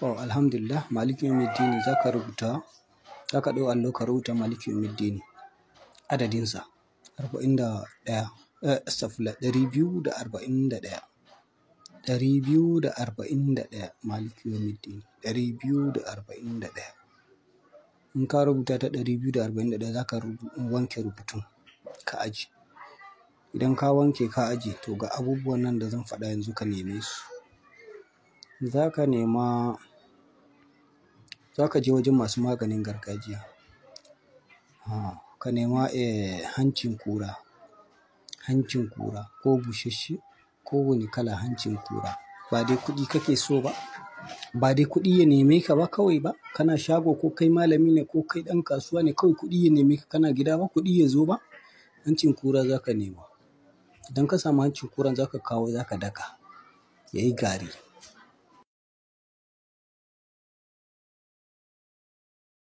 Oh, alhamdulillah, Maliki Yawmiddin za ka rubuta, za ka ɗau allo ka rubuta Maliki Yawmiddin adadinsa, arba'in da ɗaya, eh, astafula, ɗari biyu da arba'in da ɗaya, ɗari biyu da arba'in da ɗaya, Maliki Yawmiddin, ɗari biyu da arba'in da ɗaya. In ka rubuta ta ɗari biyu da arba'in da ɗaya za ka wanke rubutun ka aji. Idan ka wanke ka aji, to ga abubuwan nan da zan faɗa yanzu ka neme su. Za ka nema za ka je wajen masu maganin gargajiya ka nema eh, hancin kura hancin kura ko bushe-bushe, ko wani kala hancin kura ba dai kuɗi kake so ba ba dai kuɗi ya neme ka ba kawai ba kana shago ko kai malami ne ko kai ɗan kasuwa ne kawai kuɗi ya neme ka kana gida ba kuɗi ya zo ba hancin kura za ka nema idan ka samu hancin kuran za ka kawo za ka daka ya yi gari